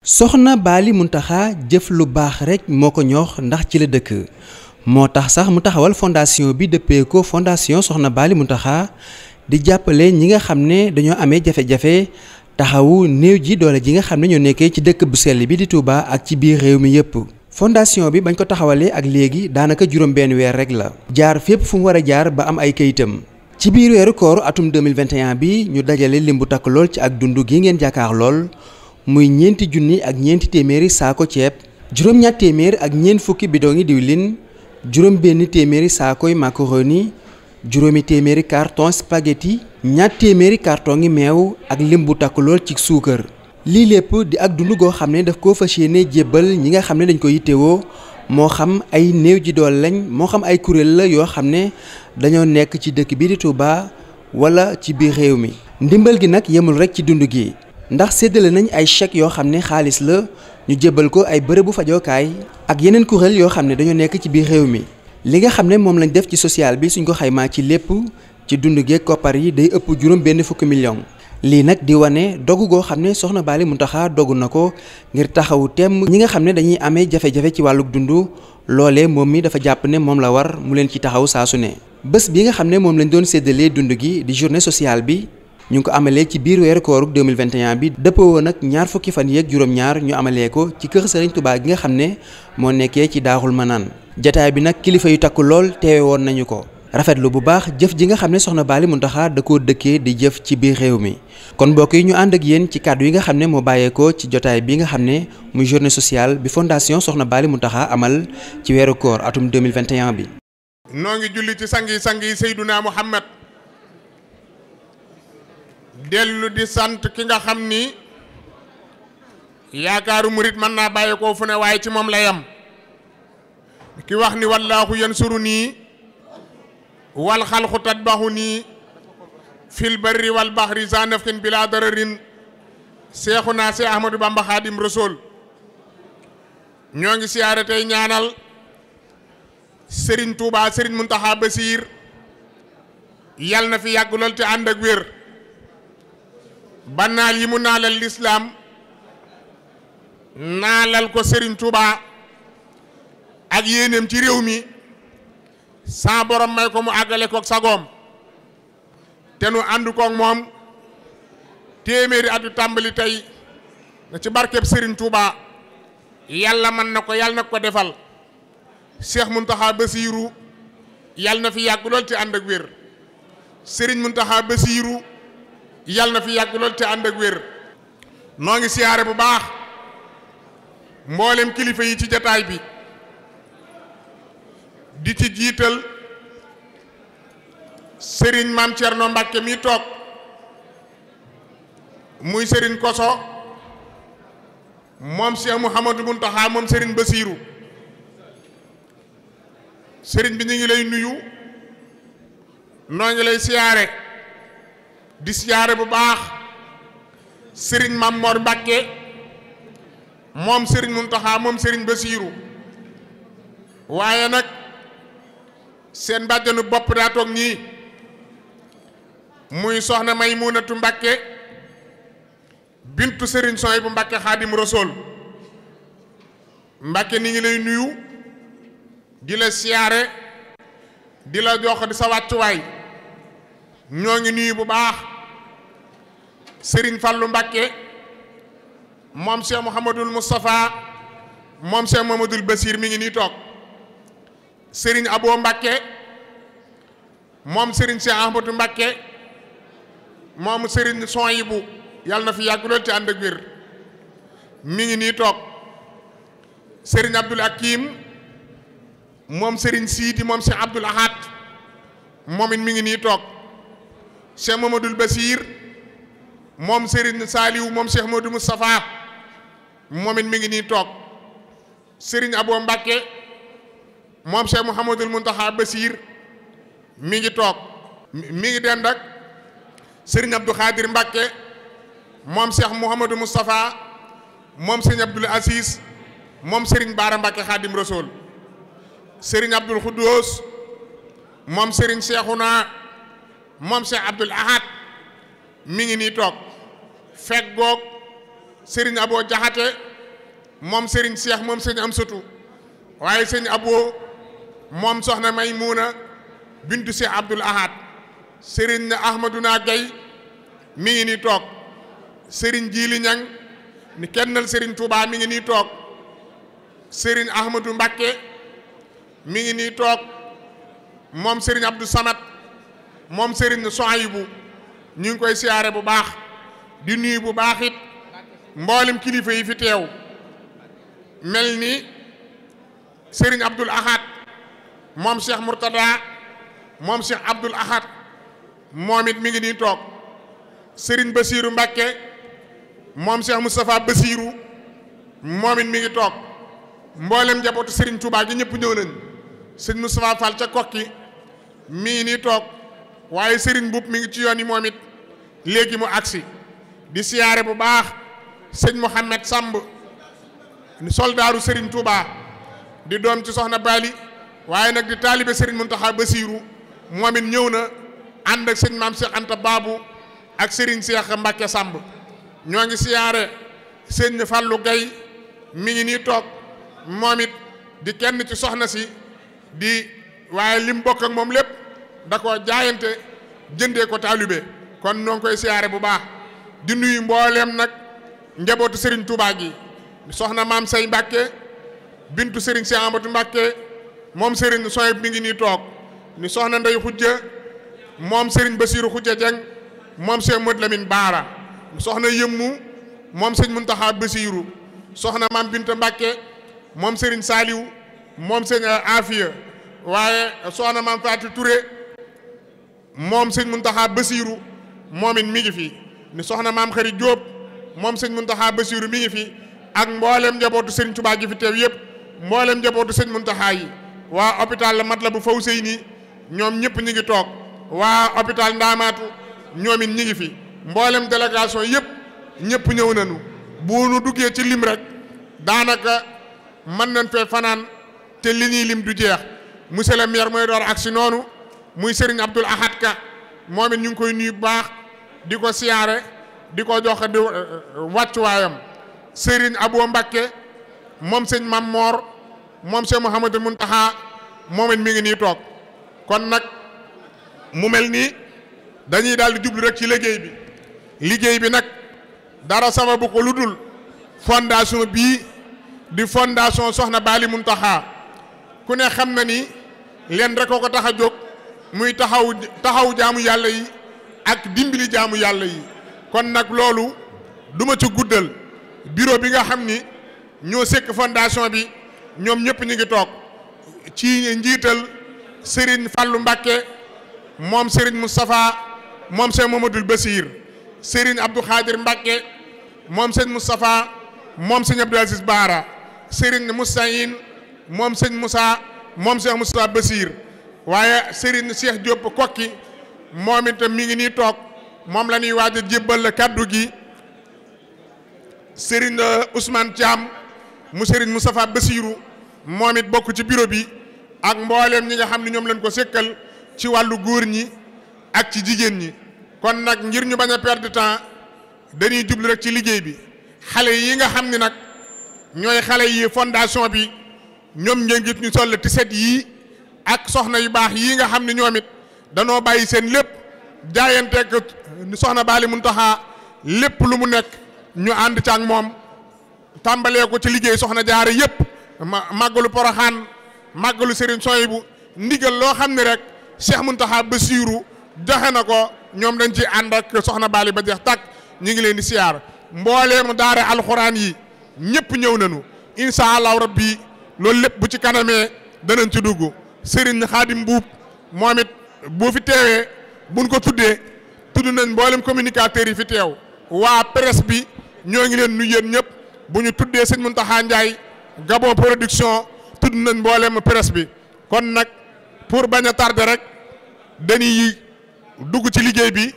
soxna Baali Muntaxa jëf lu baax rek moo ko ñoox ndax ci la dëkk moo tax sax mu taxawal fondation bi dëppee ko fondation soxna Baali Muntaxa di jàppale ñi nga xam ne dañoo amee jafe-jafe taxawu néew ji doole ji nga xam ne ñoo nekkee ci dëkk bu sell bi di Touba ak ci biir réew mi yépp fondation bi bañ ko taxawalee ak léegi daanaka juróom benn weer rek la jaar fépp fu mu war a jaar ba am ay kayitam ci biir weeru koor atum 2021 bi ñu dajale lim bu takk lool ci ak dund gi ngeen jàkkaar lool muy ñeenti junni ak ñeenti téeméeri saako ceeb juróom-ñaar téeméer ak ñeent fukki bidongi diwlin juróom benn téeméeri saakoy macaroni juróomi téeméeri carton spaghetti ñaar téeméeri karton ngi meew ak lim bu takku lool ci suukar lii lépp di ak dund goo xam ne daf koo fas ne jébbal ñi nga xam ne dañ ko yittewoo moo xam ay néew ji dool lañ moo xam ay kuréel la yoo xam ne dañoo nekk ci dëkk bi di Touba wala ci biir réew mi ndimbal gi nag yemul rekk ci dund gi ndax séddale nañ ay chèques yoo xam ne xaalis la ñu jébbal ko ay bërëbu fajookaay ak yeneen kuréel yoo xam ne dañoo nekk ci biir réew mi li nga xam ne moom lañ def ci social bi suñ ko xaymaa ci lépp ci dund geeg koppar yi day ëpp juróom fukki million lii nag di wane dogu goo xam ne soxna Baali Muntaxa dogu na ko ngir taxawu temm ñi nga xam ne dañuy amee jafe-jafe ci wàllug dund loole moom mi dafa jàpp ne moom la war mu leen ci taxaw saa su ne bés bi nga xam ne moom lañ doon séddalee dund gi di journée sociale bi ñu ngi ko amalee ci biir weeru kooru bi dëppoo woon ak ñaar fukki fan yeeg juróom-ñaar ñu amalee ko ci kër Serigne Touba gi nga xam ne moo nekkee ci ma naan jataay bi nag kilifa yu takk lool teewe woon nañu ko rafetlu bu baax jëf ji nga xam ne soxna Baali Muntaxa da koo dëkkee di jëf ci biir réew mi kon mbokk yi ñu ànd ak yéen ci kaddu yi nga xam ne moo bàyyeekoo ci jotaay bi nga xam ne mu journée sociale bi fondation soxna Baali Muntaxa amal ci weeru koor atum 2021 bi. noo ngi dellu di sant ki nga xam ni yaakaaru murit mën naa bàyyi koo fu ne waaye ci moom la yam ki wax ni wallaahu yansuru nii wal xalqu tatbaxu nii fil barri wal baxri zanafkin bila dararin seexu naa si ahmadou bamba xaadim rasool ñoo ngi siyaare tey ñaanal sëriñ tuubaa sëriñ muntaxa basiir yal na fi yàgg lool te ànd ak wér banaal yi mu naalal lislaam naalal ko Serigne Touba ak yéeneem ci réew mi saa borom may ko mu àggale koog sagoom te nu ànd koog moom téeméeri atu tàmbali tey na ci barkeb Serigne Touba yàlla man na ko yàlla na ko defal Cheikh Mountakha Bassirou yàlla na fi yàgg lool ci ànd ak wér Serigne Mountakha Bassirou. yàlla na fi yàgg ci te ànd ak wér noo ngi siyaare bu baax mboolem kilifa yi ci jataay bi di ci jiital sëriñ maam Thierno Mbacke mii toog muy sëriñ Koso moom Cheikh Mouhamadou Mountakha moom sëriñ Basirou sëriñ bi ñu ngi lay nuyu noo ngi lay siyaare di siyaare bu baax sëriñ Mamor Mbàkke moom sëriñ Muntaxa moom sëriñ ba siiru waaye nag seen bàjjanu bopp daa toog ñii muy soxna Maymunatu Mbàkke bintu sëriñ Soy bu Mbàkke Xaadim Rasuul Mbàkke ni ngi lay nuyu di la siyaare di la jox di sa wàccuwaay ñoo ngi nuyu bu baax sëriñ Fallou Mbakke moom Cheikh Mouhamadul Moustapha moom Cheikh Mouhamadul Basir mi ngi nii toog sëriñ Abo Mbakke moom sëriñ Cheikh Ahmadou Mbakke moom sëriñ Soyibu yàlla na fi yàgg lool te ànd ak wér mi ngi nii toog sëriñ Abdul Hakim moom sëriñ Siidi moom Cheikh Abdul Ahad moom it mi ngi nii toog. Cheikh Mamadou Basir moom Serigne Saliou moom Cheikh Mamadou Moustapha moom it mi ngi nii toog Serigne Abo Mbacke moom Cheikh Mouhamadul Mountakha Basir mu ngi toog mi ngi dend ak Serigne Abdou Khadir moom Cheikh Mouhamadou Moustapha moom Serigne Abdoul Aziz moom Serigne Bara Mbacke Khadim Rasoul Serigne Abdoul Khoudous moom Serigne Cheikhouna moom Cheikh Abdoul Ahad mi ngi nii toog feggoog sëriñ Abo Jaxate moom sëriñ Cheikh moom am Amsatu waaye sëriñ Abo moom soxna Maymuna bintu Cheikh Abdoul Ahad sëriñ Ahmaduna Gay mi ngi nii toog sëriñ Jiili Ñang ni kennal sëriñ Touba mi ngi nii toog sëriñ Ahmadou Mbakke mi ngi nii toog moom sëriñ Abdou Samad moom Serigne Souhaïbou ñu ngi koy siyaare bu baax di nuyu bu baax it mboolem kilifa yi fi teew mel ni sëriñ Abdoul Ahad moom Cheikh Mourtada moom Cheikh Abdoul Ahad moom it mi ngi nii toog sëriñ Bassirou mbakke moom Cheikh Moustapha Bassirou moom it mi ngi toog mboolem njabootu sëriñ Touba gi ñëpp ñëw nañ Serigne Moustapha Fall ca kokki mii nii toog waaye sëriñ Mbuub mi ngi ci yoon yi moom it léegi mu agsi di siyaare bu baax sëñ Mouhamed sàmb soldaaru sëriñ Touba di doom ci soxna Bali waaye nag di taalibe sëriñ Muntaxa Basiiru moom it ñëw na ànd ak sëñ maam Cheikh Anta Baabu ak sëriñ Cheikh Mbacke Samb ñoo ngi siyaare sëñ Fallou Gueye mi ngi nii toog moom it di kenn ci soxna si di waaye lim bokk ak moom lépp da ko jaayante jënde ko taalibe kon noo ngi koy siyaare bu baax di nuyu mbooleem nag njabootu Serigne Touba yi soxna maam say Mbàkke bintu Serigne si Amadu Mbàkke moom Serigne Soy mi ngi nii toog ni soxna Ndey moom Serigne Basiiru Xujja Jeng moom Cheikh Modou Lamine Baara soxna yëmmu moom sëñ Muntaxa Basiiru soxna maam Binta Mbàkke moom Serigne Saaliw moom sëñ Afiya waaye soxna maam Faati Touré moom sëñ Muntaxa Basiiru moom it mi ngi fi ni soxna maam xari Jóob moom sëñ Muntaxa Basiiru mi ngi fi ak mboolem njabootu sëñ Tubaa ji fi teew yëpp mboolem njabootu sëñ Muntaxa yi waa hôpital la Matlaboul Fawzeyni ñoom ñëpp ñi ngi toog waa hôpital Ndaamaatu ñoom it ñi ngi fi mboolem délégation yëpp ñëpp ñëw nañu bu nu duggee ci lim rek daanaka mën nañ fee fanaan te li ñuy lim du jeex monsieur le maire mooy door ak si noonu muy Serigne Abdoul Ahad Ka ñu ngi koy nuyu bu baax di ko siyaare di ko jox di euh, euh, wàccuwaayam Serigne Abou Mbakke moom sëñ Mam moom sëñ Mouhamadul Muntaxa moom it mi ngi nii toog kon nag mu mel nii dañuy daal di jublu rek ci liggéey bi liggéey bi nag dara sababu ko lu dul fondation bii di fondation Soxna Baali Muntaxa ku ne xam na ni leen rek ko tax a jóg. muy taxaw taxaw jaamu yàlla yi ak dimbali jaamu yàlla yi kon nag loolu duma ci guddal bureau bi nga xam ni ñoo sekk fondation bi ñoom ñëpp ñu ngi toog ci njiital Serigne Fallou Mbakke moom Serigne Moustapha moom sëñ Mamadou Bassir Serigne Abdou Khadir Mbakke moom sëñ Moustapha moom sëñ Abdou Aziz Baara Serigne Moussaïn moom sëñ Moussa moom sëñ Moustapha Bassir. waaye Serigne Cheikh Diop kokki moom itam mi ngi nii toog moom la ñuy waaj a jébbal kàddu gi Serigne Ousmane Thiam mu Serigne Moustapha Bassirou moom it bokk ci bureau bi ak mbooleem ñi nga xam ne ñoom leen ko sekkal ci wàllu góor ñi ak ci jigéen ñi kon nag ngir ñu bañ a perdre temps dañuy jublu rek ci liggéey bi xale yi nga xam ni nag ñooy xale yi fondation bi ñoom ngeen gis ñu sol tiset yii ak soxna yu baax yii nga xam ne ñoom danoo bàyyi seen lépp jaayanteeg soxna Baali Muntaxa lépp lu mu nekk ñu ànd ci ak moom tàmbalee ko ci liggéey soxna jaar yëpp ma màggalu Poroxaan màggalu Serigne bu ndigal loo xam ne rek mun Muntaxa Basiiru joxe na ko ñoom dañ ci ànd ak soxna Baali ba jeex tàkk ñu ngi leen di siyaar mbooleemu daara alxuraan yi ñëpp ñëw nañu incha allahu rabbi loolu lépp bu ci kanamee danañ ci dugg. na Khadim Mbuub moom it boo fi teewee buñ ko tuddee tudd nañ mboolem communicateurs yi fi teew waa presse bi ñoo ngi leen nuyu yéen ñëpp bu ñu tuddee sëñ Mountakha Ndiaye Gabon production tudd nañ mboolem presse bi kon nag pour bañ a tardé rek dañuy dugg ci liggéey bi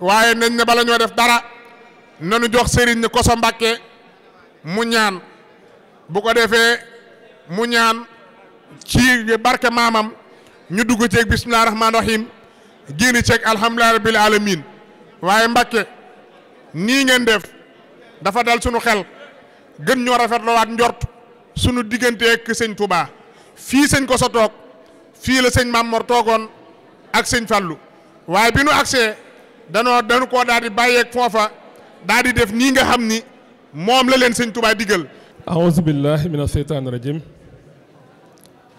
waaye nañ ne bala ñoo def dara nañu jox Serigne Koso Mbàkke mu ñaan bu ko defee mu ñaan. ci barke maamam ñu dugg ceeg bisimilah rahmaani rahim génn ceeg alhamdulilah rabbil alamin waaye Mbàkke nii ngeen def dafa dal suñu xel gën ñoo rafet rafetloowaat njort sunu digganteeg sëñ Touba fii sëñ ko sa toog fii la sëñ Maam Mor toogoon ak sëñ Fallou waaye bi nu agsee danoo dañu koo daal di bàyyeeg foofa daal di def nii nga xam ni moom la leen sëñ Touba digal. aouzu billahi mina shaytaani rajim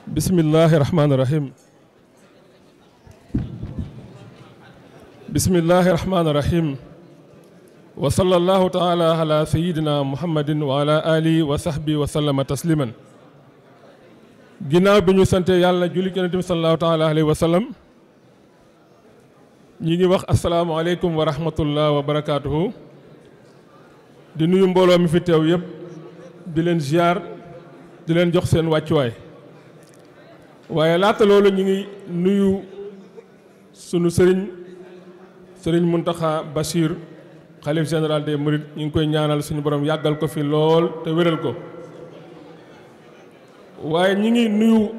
bismillahi rahmaani rahim bismillahi wa sallallahu taala ala sayidina muhammadin wa ala wa sahbi wa sallama tasliman ginnaaw bi ñu sante yàlla julli yonent bi sallallahu taala alayhi wa sallam ñi ngi wax asalaamualeykum wa rahmatullah wa barakaatuhu di nuyu mbooloo mi fi teew yëpp di leen ziar di leen jox seen wàccuwaay waaye laata loolu ñu ngi nuyu sunu sëriñ sëriñ Muntaxa Bachir xalif général des Mourides ñu ngi koy ñaanal suñu borom yàggal ko fi lool te wéral ko waaye ñu ngi nuyu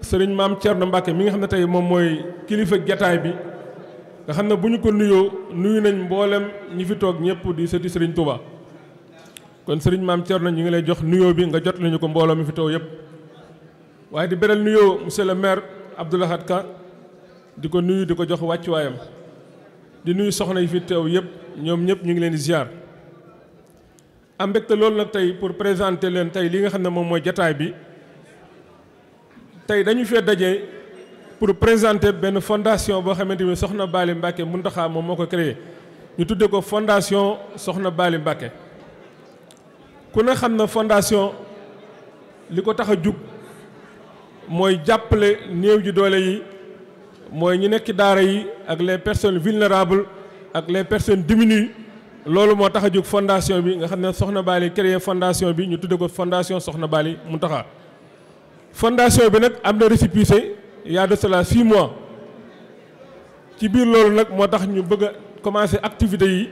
sëriñ maam Thierno Mbacke mi nga xam ne tey moom mooy kilifa jataay bi nga xam ne bu ñu ko nuyoo nuyu nañ mboolem ñi fi toog ñëpp di sëti sëriñ Touba kon sëriñ maam Thierno ñu ngi lay jox nuyoo bi nga jot lañu ko mbooloo mi fi toog yëpp. waaye di beneen nuyoo monsieur le maire Abdou Lahad Ka di ko nuyu di ko jox wàccuwaayam di nuyu soxna yi fi teew yëpp ñoom ñëpp ñu ngi leen di ziar. am mbégte loolu nag tey pour présenter leen tey li nga xam ne moom mooy jataay bi tey dañu fee daje pour présenter benn fondation boo xamante ni soxna baali Bally mun Mountakha moom moo ko créé ñu tuddee ko fondation soxna baali Mbacké ku ne xam na fondation li ko tax a jug. mooy jàppale néew ji doole yi mooy ñu nekk daara yi ak les personnes vulnérables ak les personnes diminuées loolu moo tax a jóg fondation bi nga xam ne Soxna Bali créé fondation bi ñu tudde ko fondation Soxna Bali Mountakha fondation bi nag am na récépissé y a de cela six mois ci biir loolu nag moo tax ñu bëgg a commencer activités yi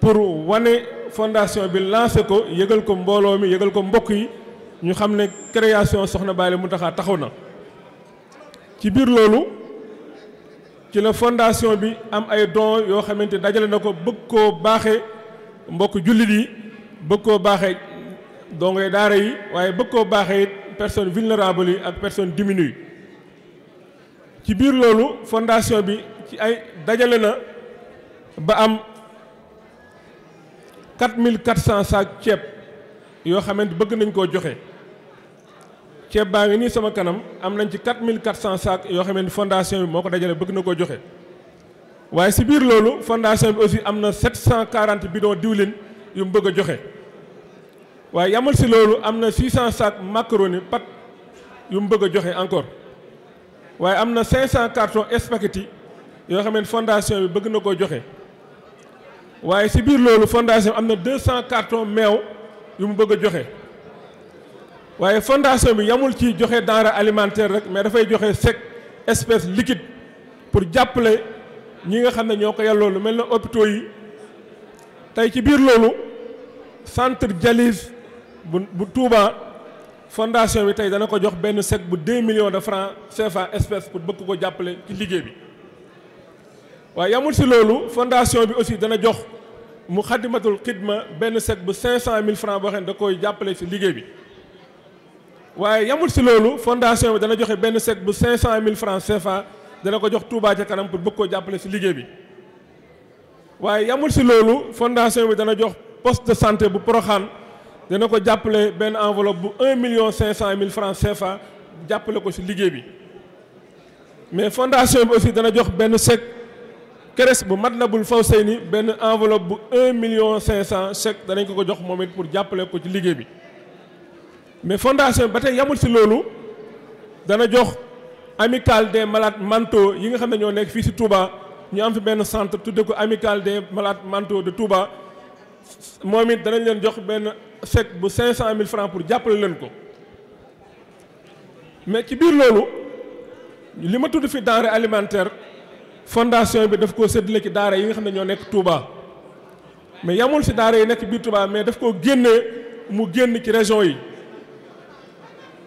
pour wane fondation bi lancé ko yëgal ko mbooloo mi yëgal ko mbokk yi ñu xam ne création Soxna mu Muntaxa taxaw na ci biir loolu ci la fondation bi am ay dons yoo xamante dajale na ko bëgg koo baaxee mbokk jullit yi bëgg koo baaxee dongay daara yi waaye bëgg koo baaxee it personne vulnérable yi ak personne diminuée ci biir loolu fondation bi ci ay dajale na ba am 4400 saak ceeb yoo xamante bëgg nañ koo joxe ceeb baa ngi nii sama kanam am nañ ci 4400 sacs yoo xam ne fondation bi moo ko dajale bëgg na koo joxe waaye si biir loolu fondation bi aussi am na 740 bidons diwlin yu mu bëgg a joxe waaye yamal si loolu am na 600 sacs macaroni pat yu mu bëgg a joxe encore waaye am na 500 cartons spaghetti yoo xam ne fondation bëgg na koo joxe waaye si biir loolu fondation am na 200 cartons meew yu mu bëgg a joxe. waaye fondation bi yamul ci joxe denrée alimentaire rek mais dafay joxe chèque espèce liquide pour jàppale ñi nga xam ne ñoo ko yàlla lu mel na hôpitaux yi tey ci biir loolu centre dialyse bu bu Touba fondation bi tey dana ko jox benn chèque bu 2 million de francs CFA espèce pour bëgg ko jàppale ci liggéey bi waaye yamul si loolu fondation bi aussi dana jox mu xaddimatul xidma benn chèque bu 500 000 francs boo xam ne da koy jàppale si liggéey bi. waaye yamul si loolu fondation bi dana joxe benn sec bu 500000 francs CFA dana ko jox Touba ca kanam pour bëgg koo jàppale si liggéey bi waaye yamul si loolu fondation bi dana jox poste de santé bu Porokhane dana ko jàppale benn enveloppe bu 1 million cent mille francs CFA jàppale ko si liggéey bi mais fondation bi aussi dana jox benn chèque keres bu Matlaboul Fawzeyni benn enveloppe bu 1 million cent chèque danañ ko ko jox moom it pour jàppale ko ci liggéey bi. mais fondation ba tey yamul si loolu dana jox amicale des malades mentaux yi nga xam ne ñoo nekk fii si Touba ñu am fi benn centre tudde ko amicale des malades mentaux de Touba moom it danañ leen jox benn chèque bu cinq cent mille francs pour jàppale leen ko mais ci biir loolu li ma tudd fi denrée alimentaire fondation bi daf koo séddale ci daara yi nga xam ne ñoo nekk Touba mais yamul si daara yi nekk biir Touba mais daf koo génnee mu génn ci région yi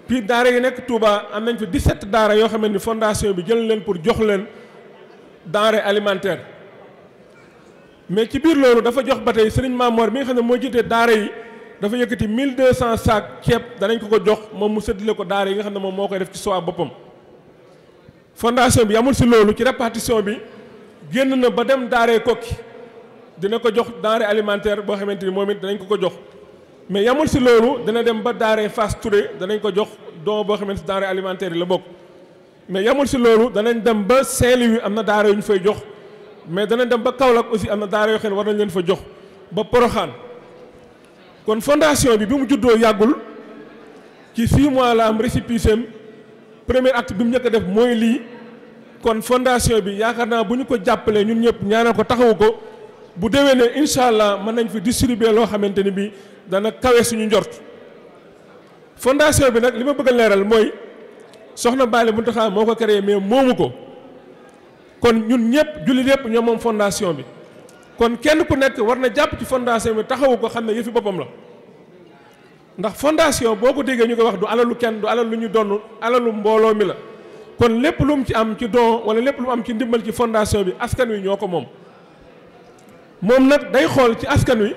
puis daara yi nekk Touba am nañ fi 17 daara yoo xamante ni fondation bi jël leen pour jox leen denrée alimentaire mais ci biir loolu dafa jox ba tey Serigne maamoor mi nga xam ne mooy jiite daara yi dafa yëkkati 1200 sacs ceeb danañ ko ko jox moom mu séddale ko daara yi nga xam ne moom moo koy def ci soi boppam. fondation bi yamul si loolu ci répartition bi génn na ba dem daaree Kokki dina ko jox denrée alimentaire boo xamante ni moom it danañ ko ko jox. mais yamul si loolu dana dem ba daare Fass Touré danañ ko jox don boo xamante si denrée alimentaire yi la bokk mais yamul si loolu danañ dem ba Saint-Louis am na daara yu ñu fay jox mais danañ dem ba Kaolack aussi am na daare yoo xam ne war nañ leen fa jox ba Poroxaan kon fondation bi bi mu juddoo yàggul ci six mois la am récépissé premier acte bi mu njëkk a def mooy lii kon fondation bi yaakaar naa bu ñu ko jàppalee ñun ñëpp ñaanal ko taxawu ko bu déwénee incha allah mën nañ fi distribuer loo xamante ni bii. dana kawe suñu njort fondation bi nag li ma bëgg leeral mooy soxna Baale Mountakha moo ko créé mais moomu ko kon ñun ñëpp jullit yëpp ñoo moom fondation bi kon kenn ku nekk war na jàpp ci fondation bi taxawu ko xam ne yëfi boppam la ndax fondation boo ko déggee ñu ko wax du alalu kenn du alal lu ñu donn alalu mbooloo mi la kon lépp lu ci am ci don wala lépp lu am ci ndimbal ci fondation bi askan wi ñoo ko moom moom nag day xool ci askan wi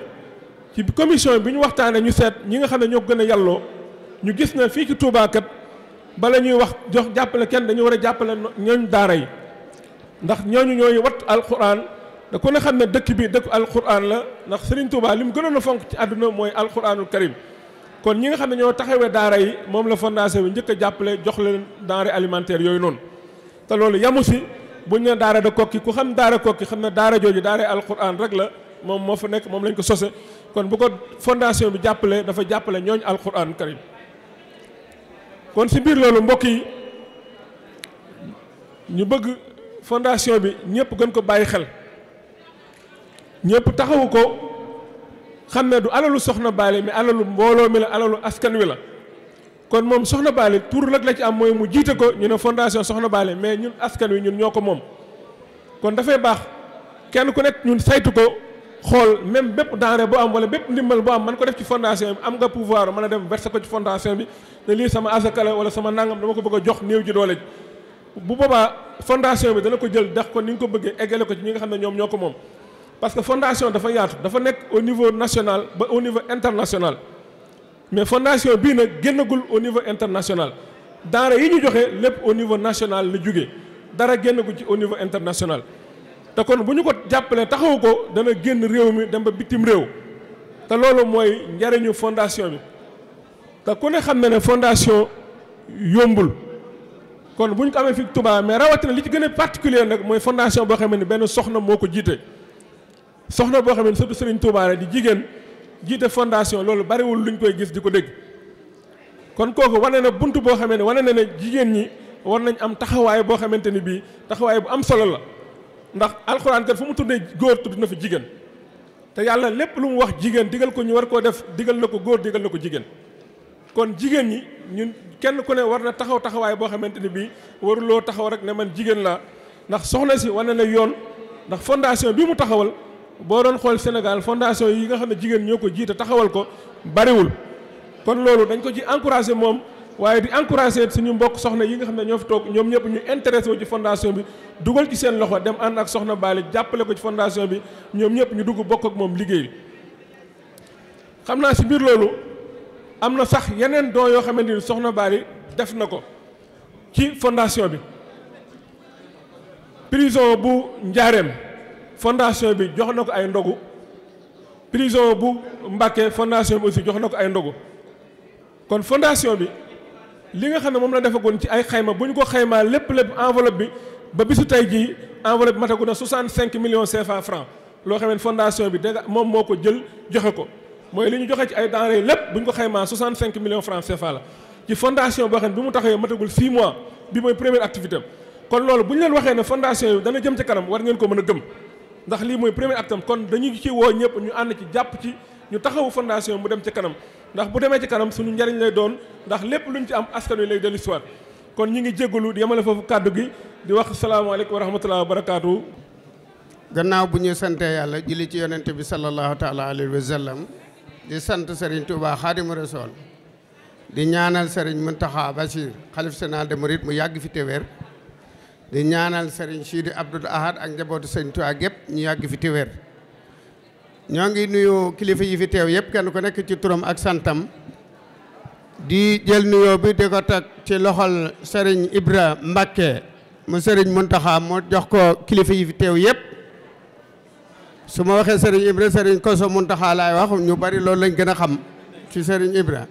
ci commission bi ñu waxtaanee ñu seet ñi nga xam ne ñoo gën a yàlloo ñu gis na fii ci Touba kat bala ñuy wax jox jàppale kenn dañu war a jàppale ñooñu daara yi ndax ñooñu ñooy wat alxuraan da ku ne xam ne dëkk bi dëkk alquran la ndax Serigne Touba li mu gënoon a fonk ci àdduna mooy alquranul karim kon ñi nga xam ne ñoo taxawee daara yi moom la fondation bi njëkk a jàppale jox leen denrée alimentaire yooyu noonu te loolu yamu si buñ ne daara da kokki ku xam daara kokki xam ne daara jooju daara alquran rek la moom moo fa nekk moom lañ ko sose kon bu ko fondation bi jàppale dafa jàppale ñooñ alquran karim kon si biir loolu mbokk yi ñu bëgg fondation bi ñëpp gën ko bàyyi xel ñëpp taxawu ko xam ne du alalu soxna baale mais alalu mbooloo mi la alalu askan wi la kon moom soxna baale tur nag la ci am mooy mu jiite ko ñu ne fondation soxna baale mais ñun askan wi ñun ñoo ko moom kon dafay baax kenn ku nekk ñun saytu ko xool même bépp denrée boo am wala bépp ndimbal bu am man ko def ci fondation bi am nga pouvoir mën a dem verser ko ci fondation bi ne lii sama asakala wala sama nangam dama ko bëgg a jox néew ji doole bu boobaa fondation bi dana ko jël dex ko ni nga ko bëggee eggale ko ci ñi nga xam ne ñoom ñoo ko moom parce que fondation dafa yaatu dafa nekk au niveau national ba au niveau international mais fondation bii nag génnagul au niveau international denrée yi ñu joxe lépp au niveau national la jóge dara génnagu ci au niveau international te kon bu ñu ko jàppalee taxaw ko dana génn réew mi dem ba bitim réew te loolu mooy njariñu fondation bi te ku ne xam na ne fondation yombul kon bu ñu ko amee fi Touba mais rawatina li ci gën a particulier nag mooy fondation boo xam ne benn soxna moo ko jiite soxna boo xam ne surtout Serigne di jigéen jiite fondation loolu bariwul luñ koy gis di ko dégg kon kooku wane na bunt boo xamee ne wane na na jigéen ñi war nañ am taxawaay boo xamante ni bii taxawaay bu am solo la ndax alxuraan kat fu mu tuddee góor tudd na fi jigéen te yàlla lépp lu mu wax jigéen digal ko ñu war koo def digal na ko góor digal na ko jigéen kon jigéen ñi ñun kenn ku ne war na taxaw taxawaay boo xamante ni bii waruloo taxaw rek ne man jigéen laa ndax soxna si wane na yoon ndax fondation bi mu taxawal boo doon xool Sénégal fondation yi nga xam ne jigéen ñoo ko jiite taxawal ko bariwul kon loolu dañ ko ci encouragé moom waaye di encourager suñu mbokk soxna yi nga xam ne ñoo fi toog ñoom ñëpp ñu intéressé wu ci fondation bi dugal ci seen loxo dem ànd ak soxna Baali jàppale ko ci fondation bi ñoom ñëpp ñu dugg bokk ak moom liggéey xam naa si biir loolu am na sax yeneen dons yoo xamante ni soxna Baali def na ko ci fondation bi prison bu Njaareem fondation bi jox na ko ay ndogu prison bu Mbàkke fondation bi aussi jox na ko ay ndogu kon fondation bi li nga xam ne moom la defagoon ci ay xayma bu ñu ko xaymaa lépp lépp enveloppe bi ba bisu tey jii enveloppe bi matagu na 65 millions CFA francs loo xam ne fondation bi danga moom moo ko jël joxe ko mooy li ñu joxe ci ay denrées lépp bu ñu ko xaymaa 65 millions francs CFA la ci fondation boo xam ne bi mu taxee matagul 6 mois bi mooy première activité kon loolu bu ñu leen waxee ne fondation yi dana jëm ci kanam war ngeen ko mën a gëm ndax lii mooy premier acte am kon dañu ci woo ñëpp ñu ànd ci jàpp ci ñu taxawu fondation mu dem ci kanam ndax bu demee ci kanam suñu njariñ lay doon ndax lépp luñ ci am askan wi lay dellu si kon ñi ngi jéggalu di yemale foofu kàddu gi di wax salaamaaleykum wa rahmatullahi wa barakaatu. gannaaw bu ñu santee yàlla julli ci yonente bi sallallahu taala alayhi wa sallam di sant Serigne Touba Xaadimu Rasuul di ñaanal Serigne Mountakha Bachir xalif général des mourides mu yàgg fi téwéer di ñaanal Serigne Sidi Abdoul Ahad ak njabootu Serigne Touba ñu yàgg fi téwéer ñoo ngi nuyu kilifa yi fi teew yëpp kenn ko nekk ci turam ak santam di jël nuyoo bi di ko teg ci loxol Serigne Ibra Mbacke mu Serigne Mountakha mu jox ko kilifa yi fi teew yëpp su ma waxee Serigne Ibra Serigne Koso Mountakha laay wax ñu bari loolu lañ gën a xam ci Serigne Ibra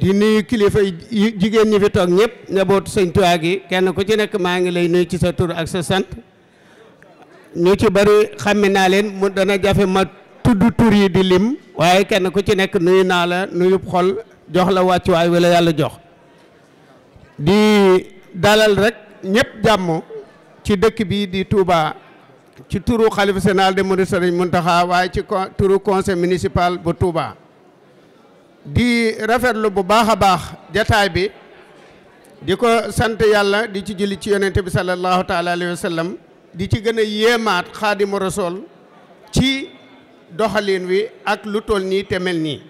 di nuy kilifa jigéen ñi fi toog ñëpp njabootu sëñ Tuubaa gi kenn ku ci nekk maa ngi lay nuyu ci sa tur ak sa sant ñu ci bari xàmme naa leen mu dana jafe ma tudd tur yi di lim waaye kenn ku ci nekk nuyu naa la nuyub xol jox la wàccuwaay wala yàlla jox di dalal rek ñëpp jàmm ci dëkk bi di Touba ci turu xalifa général des mourides Serigne Mountakha waaye ci turu conseil municipal bu Touba di rafetlu bu baax a baax jataay bi di ko sant yàlla di ci julli ci yonente bi sallallahu taala alayhi wa di ci gën a yéemaat xaadimu ci doxalin wi ak lu tool nii te mel nii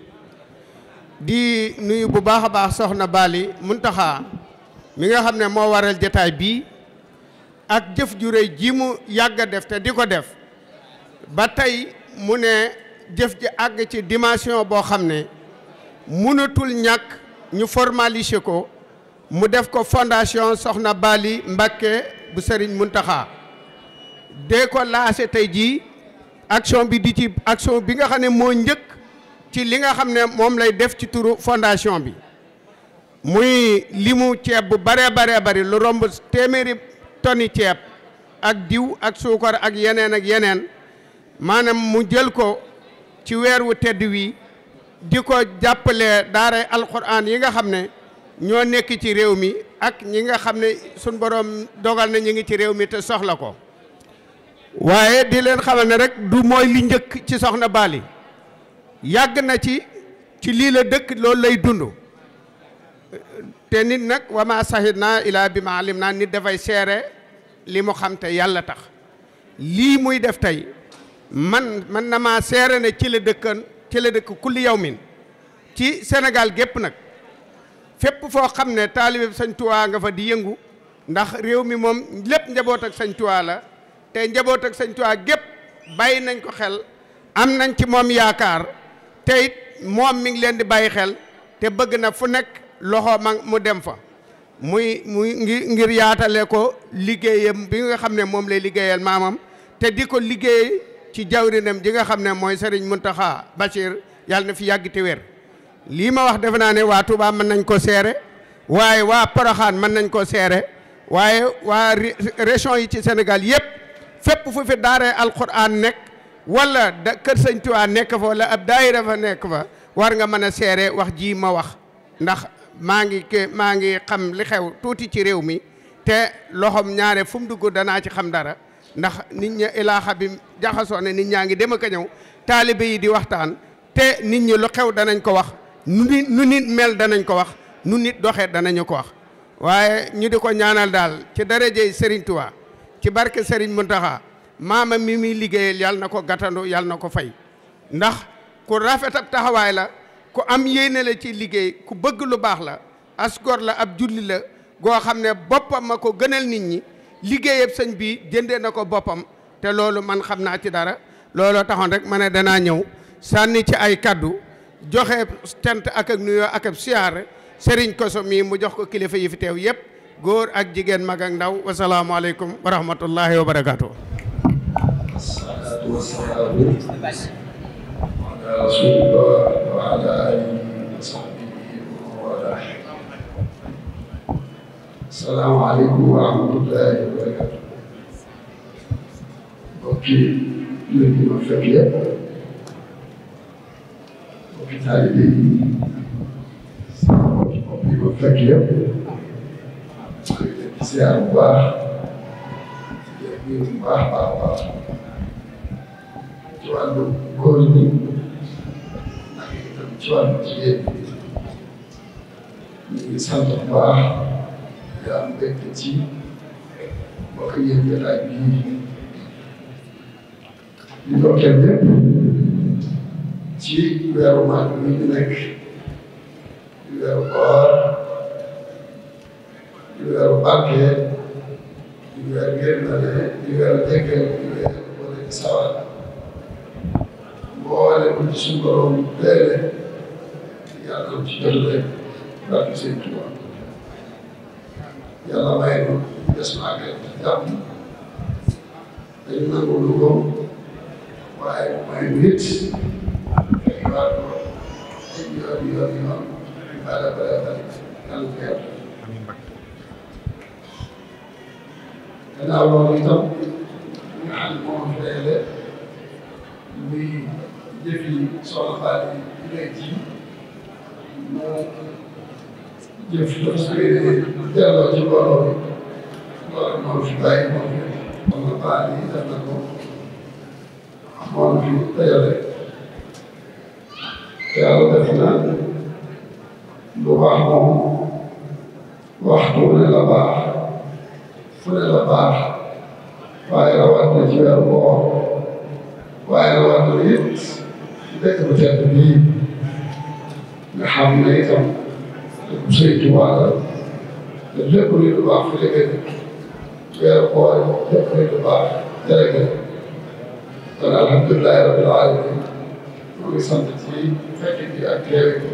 di nuyu bu baax a baax soxna Bali Muntaxa mi nga xam ne moo waral jataay bii ak jëf ju réy ji mu yàgg def te di ko def ba tey mu ne jëf ji àgg ci dimension boo xam ne mënatul ñàkk ñu formaliser ko mu def ko fondation soxna Bali Mbakke bu Sëriñ Muntaxa dee ko laase tey jii action bi di ci action bi nga xam ne moo njëkk ci li nga xam ne moom lay def ci turu fondation bi muy limu ceeb bu baree baree bari lu romb téeméeri toni ceeb ak diw ak suukar ak yeneen ak yeneen maanaam mu jël ko ci weer wu tedd wi di ko jàppale daaray alquran yi nga xam ne ñoo nekk ci réew mi ak ñi nga xam ne suñ boroom dogal na ñu ngi ci réew mi te soxla ko waaye di leen xamal rek du mooy li njëkk ci soxna baali yàgg na ci ci lii la dëkk loolu lay dund te nit nag wama sahid naa ilaa bi ma alim naa nit dafay seere li mu xam te yàlla tax lii muy def tey man man na maa seere ne ci la dëkkan ci la dëkk kulli yawmin ci senegal gépp nag fépp foo xam ne taalibe Sëñ Tuubaa nga fa di yëngu ndax réew mi moom lépp njaboot ak Sëñ Tuubaa la tey njaboot ak sëñ Tuubaa gépp bàyyi nañ ko xel am nañ ci moom yaakaar tey moom mi ngi leen di bàyyi xel te bëgg na fu nekk loxo ma mu dem fa muy muy ngir yaatale ko liggéeyam bi nga xam ne moom lay liggéeyal maamam te di ko liggéey ci jawrinam ji nga xam ne mooy Serigne Mountakha Bachir yàlla na fi yàgg te weer lii ma wax defe naa ne waa Touba mën nañ ko seere waaye waa Porokhane mën nañ ko seere waaye waa région yi ci senegal yëpp fépp fu fi daaree alquran nekk wala da kër sëñ nekk fa wala ab daayira fa nekk fa war nga mën a seere wax jii ma wax ndax maa ngi maa ngi xam li xew tuuti ci réew mi te loxom ñaare fu mu dugg danaa ci xam dara ndax nit ña ilaaxa bi jaxasoo ne nit ñaa ngi dem ak a ñëw taalibe yi di waxtaan te nit ñi lu xew danañ ko wax nu nit mel danañ ko wax nu nit doxee danañu ko wax waaye ñu di ko ñaanal daal ci daraje Serigne Touba ci barke Serigne Mountakha maama mii muy liggéeyal yàlla na ko gàttandu yàlla na ko fay ndax ku rafet ab taxawaay la ku am yéene la ci liggéey ku bëgg lu baax la asgor la ab julli la goo xam ne boppam ma ko gënal nit ñi liggéeyab sëñ bi jëndee na ko boppam te loolu man xam naa ci dara looloo taxoon rek ma ne danaa ñëw sànni ci ay kàddu joxe tent ak ak nuyoo ak ab siyaar Serigne Koso mii mu jox ko kilifa yi fi teew yëpp. góor ak jigéen mag ak ndaw wasalaamualeykum wa rahmatullahi wa barakaatu. salaamaaleykum wa rahmatullahi wa barakaatu. mbokk yi jullit yi ma fekk yëpp. mbokk taalibe yi. mbokk yi ma fekk yëpp. siyaar bu baax bu baax baax baax ci wàllu góor ñi ak itam ci wàllu jigéen ñi ñu ngi sant bu baax di am mbégte ci mbokk yi jotaay bi di ndokkeel lépp ci weeru maag mi ñu nekk weeru koor di weeru barkeel di weeru yërmande di weeru jéggal di weeru boole ci sawar boole ko ci suñu borom léeg-léeg yàlla ci jotee barke seen Tuuba yàlla may ko des na ak jàmm dañu nangu lu ko waaye may nit yoon yoon yoon yu bare bare bare yàlla ko yàlla gannaaw loolu itam ñu ànd moom fi dajale muy jëfi soxna Fatou yi ngay ji mu jëf delloo ci borom bi loolu moom fi bàyyi moom fi soxna Fatou yi def na ko moom fi dajale yàlla def na lu baax moom waxtu ne la baax fu ne la baax waaye rawat na ci weeru koor waaye rawat na it ci dëkk bu tedd bii nga xam ne itam dëkku Sëñ Tuubaa la te lépp luy lu baax fu jege weeru koor yi moom lépp luy lu baax jërëjëf kon alhamdulilahi rabbil alamin mu ngi sant ci fekk bi ak teewe bi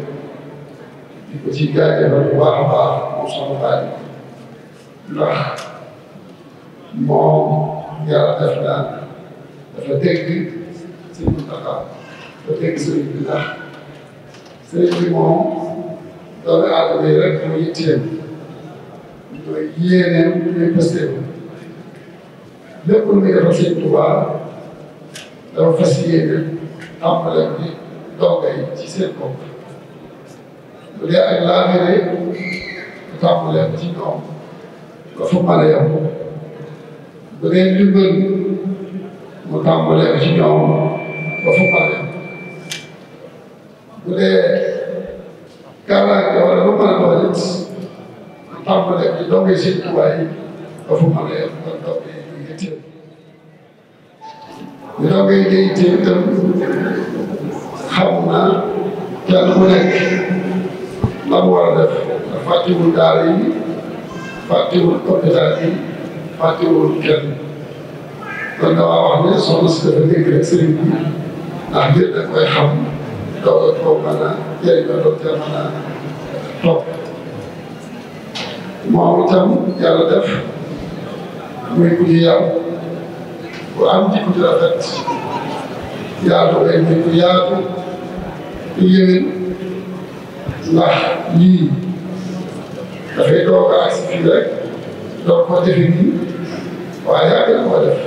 di ko ci jaajëfal bu baax a baax moom sama baay ndax moom yàlla def daal dafa dégg sëñ Mountakha dafa dégg sëriñ bi ndax sëriñ bi moom doomu aadama yi rek mooy yitteem mooy yéeneem mooy pësteem lépp lu muy defal sëñ Tuubaa dafa fas yéene tàmbalee bi donga yi ci seen bopp bu dee ak laabire tàmbalee ci ñoom ba fu mën a yem da ngeen di gën mu tàmbalee ci ñoom ba fu pare bu dee kaaraange wala a doon it mu tàmbalee ci doom yi seen ba fu pare yëpp kon doom yi ngi teel ñu doom yi day teel itam nekk la mu war def fàttewul daal yi fàttewul hôpital yi fàtte woon kenn kon damaa wax ne soxna si dafa nekk rek sëriñ bi ndax mbir da koy a ko mën a jëriñoo doog topp moom itam yàlla def muy ku ci yàlla bu am jikko ju rafet yaatu ay muy ku yaatu ku yéwén ndax lii dafay doog a agsi fii rek doog ko defe nii waaye yaa ngi koy def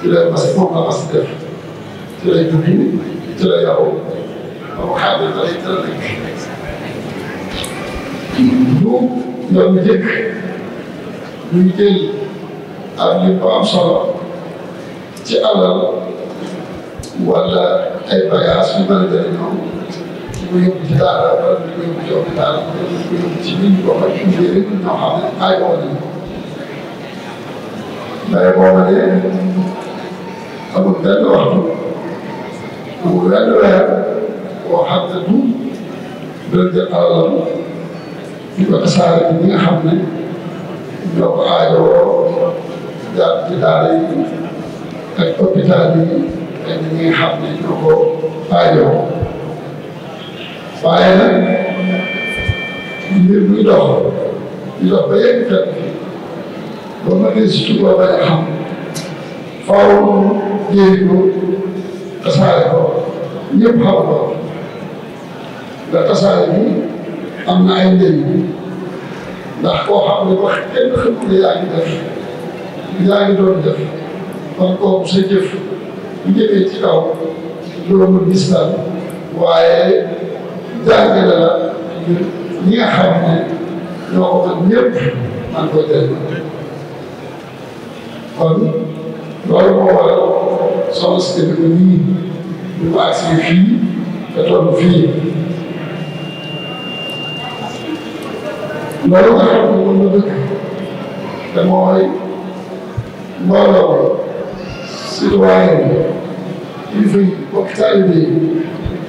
ci lay mas moom la mas def ci lay dugg ci lay yaw amul xaaral la lay tëral ñu ñoom njëkk ñu jël ak li ba am solo ci alal wala ay bagages yu bëri bëri ñoom ñu ko yóbbu ci daara wala ñu ko yóbbu ci hôpital wala ñu ko yóbbu ci nit ñi ba pare ñu jëlee ñoo xam ne ay woon nañu ko ndax booba de amul benn waxtu amul benn weer boo xam ne dina jël alalam di ko tasaare ci ñi nga xam ne ñoo ko aajowoo jaar ci ak hôpital yi ak ñi xam ne ñoo ko aajowoo waaye nag mbir muy dox ba ma ne surtout boo bañ xam faaw jëriñ ko tasaare ko ñëpp xam ko ndax tasaare bi am na ay njëriñ ndax koo xam ne wax kenn xamul ne yaa ngi def yaa ngi doon def kon kooku sa jëf bu jëfee ci kaw loolu mu gis waaye jàngale la ñi nga xam ne ñoo ko man ko jëriñ kon loolu moo waral soxna si demee ba nii bu ma agsi fii te toll fii loolu nga xam ne moom la dëkk te mooy mbooloo citoyen kilifa yi bokk taalibe yi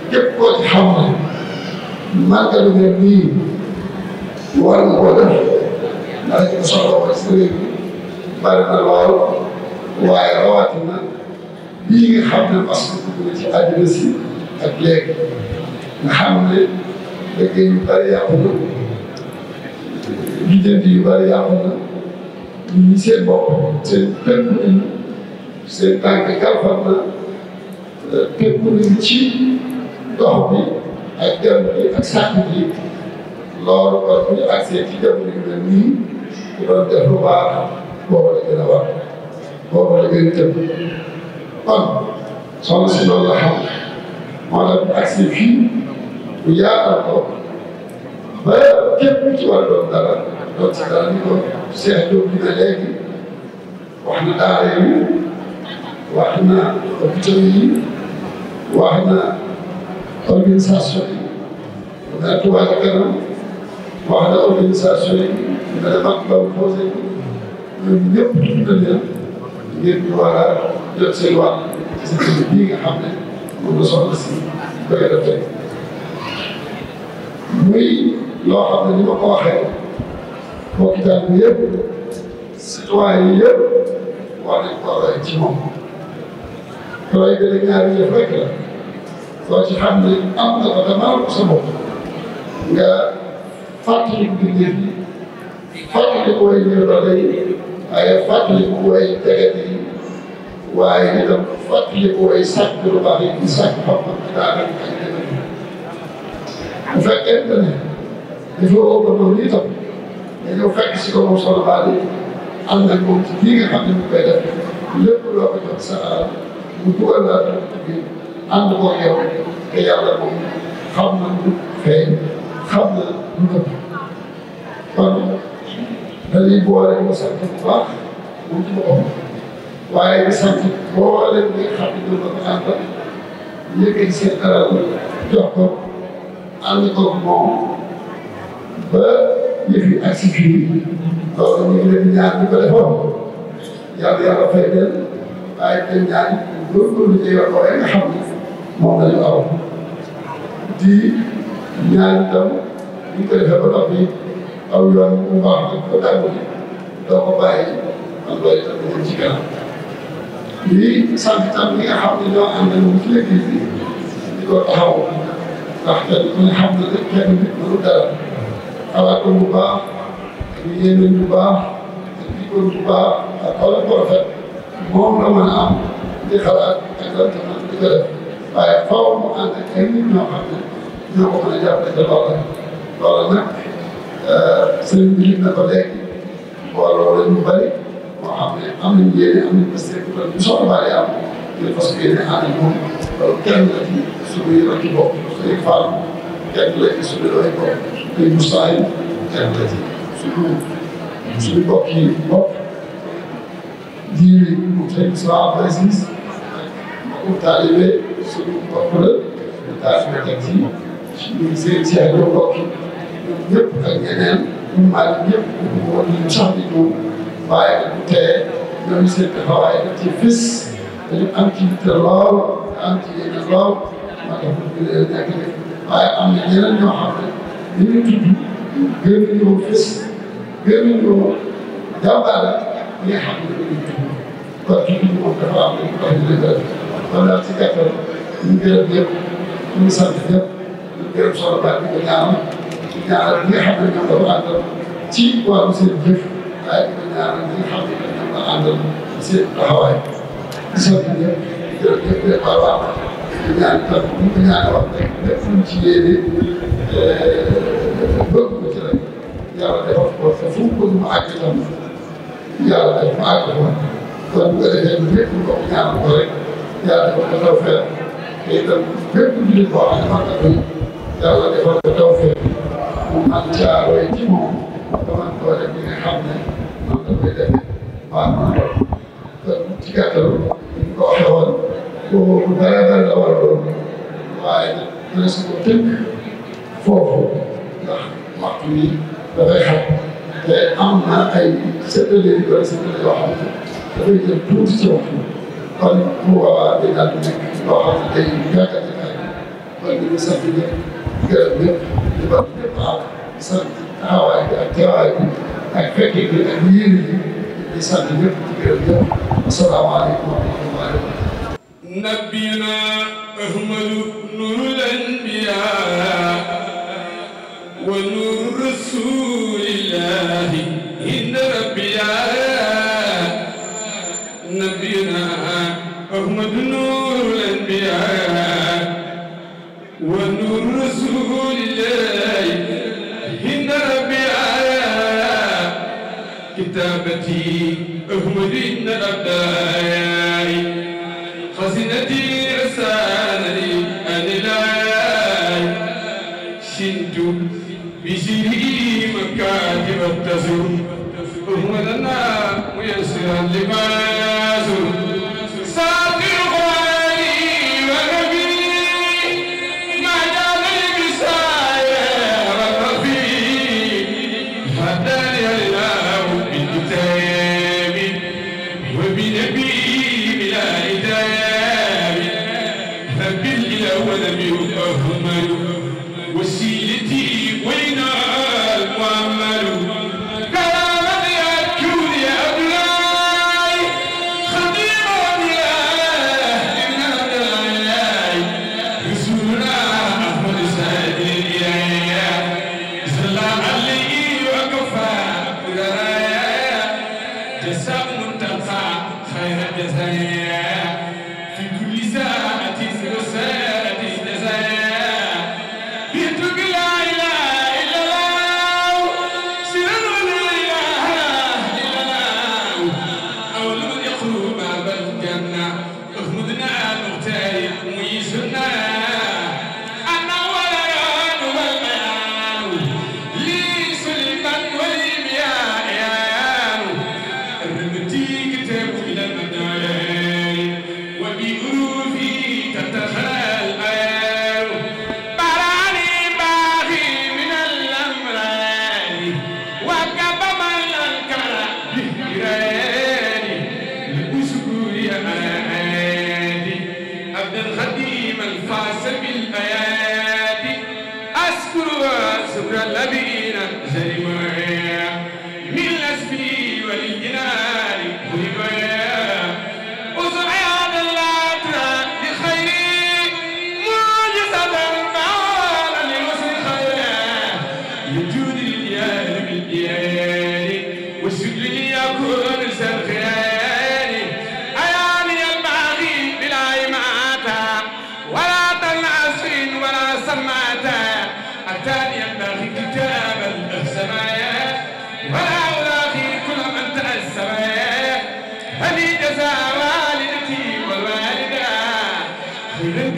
képp koo ci xam ne màggal ngeen nii war nga koo def ndax ñu soxla woon si réew mi bari na lool waaye rawatina bii nga xam ne mbas mi dugg na ci nga xam ne liggéey yu bari yàqu na lijjanti yu bari yàqu na nit ñi seen bopp seen pepp nañu seen tànk na pepp nañu bi ak dem bi ak sàkk loolu kon bu ñu agsee ci jamono yu mel nii ku doon def lu baax booba la gën a war tëb kon soxna si loolu la xam moo ak si fii bu yaatal ko ba képp ci war doon dara doon ci dara ni ko seex doom dina léegi wax na daara yi wax na hôpital yi wax na organisation yi wax na Touba ca kanam wax na organisation yi dina dem ak Mbawu ñun ñëpp tuddal leen ngir ñu war a jot seen wàll ci seen bii nga xam ne moom la soxla si bëgg a def tey muy loo xam ne ni ma ko waxee mbokki daal bi yëpp citoyen yi yëpp war nañ ko roy ci moom roy bi nag ñaari yëpp rek la loo ci xam ne am na fa damaa ko sa bopp nga fàttali ko mbir yi fàttali ko way ñëw doole yi waaye fàttaliku ay teget yi waaye itam fàttaliku ay sàkk lu baax yi sàkk xam-xam daanaka ay teget bu fekkente ne dafa woo ba noonu itam dañoo fekk si ko moom solo baal yi ànd ak moom ci lii nga xam ne mu koy def lépp loo ko jox sa bu dugal laa def bi ànd koog yow te yàlla moom xam na lu feeñ xam na lu nëpp kon te lii boole ñu ma sant bu baax bu ñu ci boppam waaye ñu sant boole ñi nga xam ne ñoo doon àndal yëkkati seen alal jox ko ànd ko moom ba yëf yi ak si fii loolu ñu ngi leen di ñaan ñu ko defoon yàlla yàlla fay leen waaye dañ ñaan góorgóorlu ci yoon boobu nga xam ne moom la ñu aw di ñaan itam ñu ko defee ba noppi aw yoon bu baax ko tàggatu doo ko bàyyi man loolu itam dafa ci kanam lii sant tam li nga xam ne ñoo àndal moom ci liggéey bi di ko taxaw ndax kenn ku ne xam ne rek kenn nit mënu dara xalaat ko bu baax ak yéene bu baax ak jikkoon bu baax ak xol bu rafet moom la mën a am di xalaat ak lan tamit di ko def waaye faaw mu ànd ak ay nit ñoo xam ne ñoo ko mën a jàppale ca loola loola nag Euh, sëriñ bi lim na ko léegi mbooloo mu bëri moo xam ne am nañ yéene am nañ parce que bu soxla bari am ñu fas yéene ànd ak moom loolu kenn la ci suñu yëngu ci bopp suñu faal kenn la ci suñu doy bopp suñu musaay kenn la mu fekk soit précis mu taalibe suñu bopp la mu taalibe teg ñun ñëpp ak ñeneen ñun maanaam ñëpp ñu woon ñu sax di ñëw waaye nag bu tee ñoom seen taxawaay daf ci fis dañu am ci yitte lool am ci yéene lool moo tax ñu nekk nii waaye am na ñeneen ñoo xam ne ñu ngi tudd gën ñoo fis gën ñoo jàmbaare ñi nga xam ne dañuy tudd kon tudd moom dafa am lu mu doon jëndal kon daal ci gàttal ñu gërëm ñëpp ñu sant ñëpp ñu gërëm solo baal di ko ñaanal ñaanal ñi xam ne ñoom la ko àndal ci wàllu seen jëf waaye dina ñaanal xam ne ñoom la àndal seen taxawaay. soo ko de waaw waaw di ñaan itam bu ñu ñaanal wax ko ci rek yàlla defal ko mu bëgg mu àgg itam mu àgg ko kon bu ko defee ko ñaanal ko rek yàlla defal ko taw feer te itam mu am jaaroo ci moom ba man koo def nga xam ne noonu la koy defee waaw noonu la kon ci gàttal ñu ko waxee woon bu bu bëree bëri la war a doon waaye nag dina si ko tënk foofu ndax waxtu bi dafay xam te am na ay séddale yu bëri séddale yoo xam ne dafay jël tuuti ci waxtu kon bu boobaa day daal di nekk loo xam ne day gàttal ci kàddu kon ñu ngi sant ñëpp gërëm ñëpp taxaw sant taxawaay bi ak teewaay bi ak fekk bi ak yéene bi di sant ñëpp di gërëm ñëpp asalaamaaleykum wa rahmatulah. nabina ahmadu nurul anbiya wa nur rasulillahi inna rabbiya nabina ahmadu nurul anbiya wa nur rasulillahi خزينتي اهمل إن أبداي خزينتي عساني أن العاي شنت بشري مكاتب التزر اهملنا ميسرا لما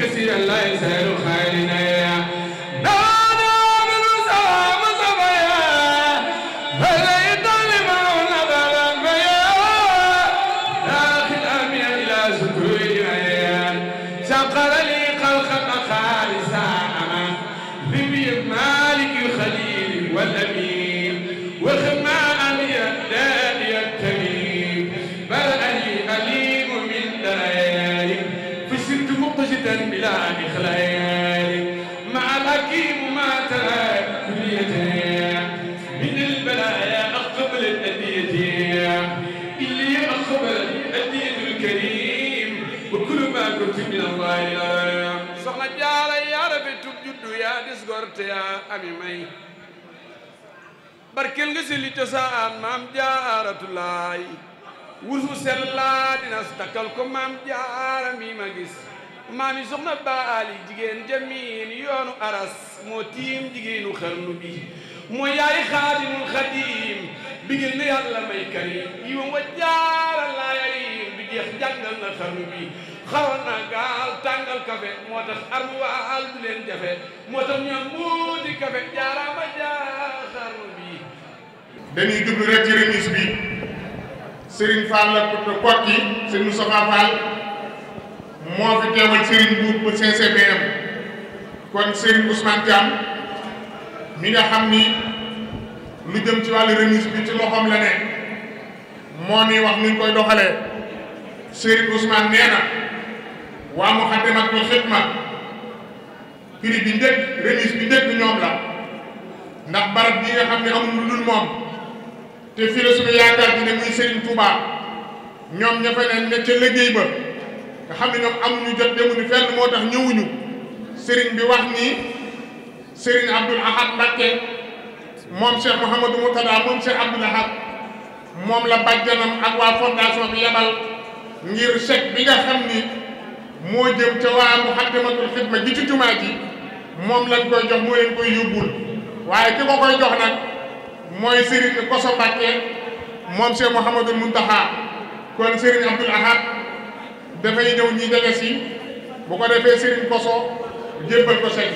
كثيرا لا يزال خالنا ami may barkel nga seli cosaan maam jaaratulaay wursu sellaa dina su takkal ko maam jaara mi ma gis maam yi soxna baali jigéen jamiin yoonu aras moo tiim jigéenu xarnu bi moo yaay xaadimul xadiim bigil na yàlla may karim yiwam wa jaara laa bi jeex jàngal na xarnu bi xaroon na gaal tàngal kafe moo tax armuwaal leen jafe moo tax ñoom mu di kafe jaaraama jaaxar bi dañuy jublu rek ci remise bi Serigne Fall la ko kokki Serigne Moustapha Fall moo fi teewal kon Serigne Ousmane Thiam mi nga xam ni lu jëm ci wàllu remise bi ci loxoom la ne moo ni wax nuñ koy doxalee Serigne Ousmane nee waa Moukhaddamatoul Khidma prix bi njëkk remise bi njëkk ñoom la ndax barab bi nga xam ne amul lu dul moom te fii la suñu yaakaar bi ne muy Serigne Touba ñoom ña fa ne ne ca liggéey ba nga xam ne ñoom amuñu jot demuñu fenn moo tax ñëwuñu Serigne bi wax nii Serigne Abdoul Ahad Mbacké moom Cheikh Mouhamadou Moutada moom Cheikh Abdoul Ahad moom la bàjjanam ak waa fondation bi yebal ngir chèque bi nga xam ni. moo jëm ca waa muxaddamatul xidma ji ci jumaa ji moom lañ koy jox moo leen koy yóbbul waaye ki ko koy jox nag mooy Serigne Koso Mbàkke moom Cheikh Mouhamadul Muntaxa kon Serigne Abdoul Ahad dafay ñëw ñi jege si bu ko defee Serigne Koso jébbal ko sëñ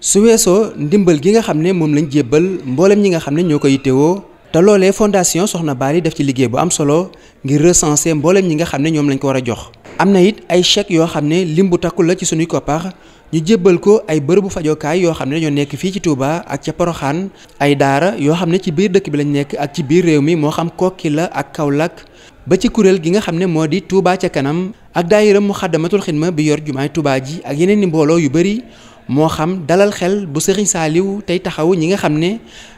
su weesoo ndimbal gi nga xam ne moom lañ jébbal mboolem ñi nga xam ne ñoo ko yittewoo te loolee fondation Soxna yi def ci liggéey bu am solo ngir recenser mboolem ñi nga xam ne ñoom lañ ko war a jox. am na it ay chèques yoo xam ne lim bu takkul la ci sunuy koppar ñu jébbal ko ay bërëbu fajokaay yoo xam ne dañoo nekk fii ci Touba ak ca Poroxaan ay daara yoo xam ne ci biir dëkk bi lañ nekk ak ci biir réew mi moo xam kokki la ak Kaolack ba ci kuréel gi nga xam ne moo di tuubaa ca kanam ak daayira mu xaddamatul xidma bi yor jumaay Touba ji ak yeneen i mbooloo yu bëri moo xam dalal xel bu sëriñ saaliw tey taxaw ñi nga xam ne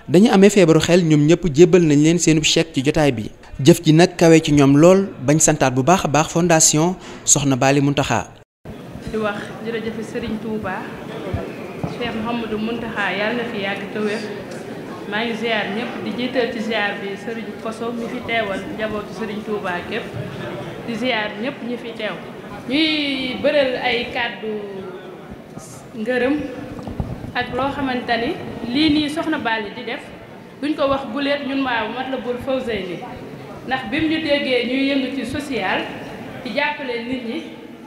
dañu amee feebaru xel ñoom ñëpp jébbal nañ leen seenub chèque ci jotaay bi jëf ji nag kawe ci ñoom lool bañ santaat bu baax a baax fondation Soxna Baali Muntaxa di wax jërëjëf Serigne Touba Cheikh Mouhamadou Muntaxa yàlla na fi yàgg te maa ngi ziar ñëpp di jiital ci ziar bi Serigne Koso mi fi teewal njabootu Serigne Touba képp di ziar ñëpp ñi fi teew. ñuy bëral ay kàddu ngërëm ak loo xamante ni lii nii Soxna Baali di def duñ ko wax guleet ñun waaw mat la bul fawsey ni ndax bi mu ñu déggee ñuy yëngu ci social ci jàppale nit ñi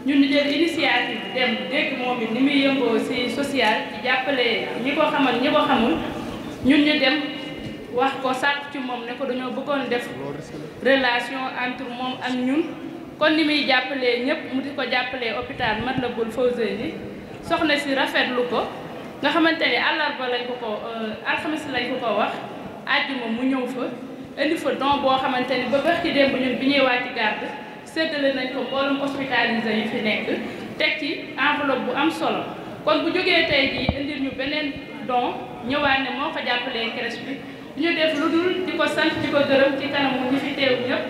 ñun ñu jël initiative dem dégg moom it ni muy yëngoo si social ci jàppale ñi ko xamal ñi ko xamul ñun ñu dem wax ko sàkk ci moom ne ko dañoo bëggoon def relation entre moom ak ñun kon ni muy jàppale ñëpp mu di ko jàppalee hôpital Matlaboul Fawzeyni soxna si rafetlu ko nga xamante ni àllarba lañ ko ko euh, alxames lañ ko ko wax àjjuma mu ñëw fa indi fa don boo xamante ni ba ci démb ñun bi ñuy wàcc gàdd séddale nañ ko mboolum hospitalisé yi fi nekk teg ci enveloppe bu am solo kon bu jógee tey jii indil ñu beneen don ñëwaat ne moo ko jàppalee crèche bi ñu def lu dul di ko sant di ko gërëm ci kanamu ñi fi teew ñëpp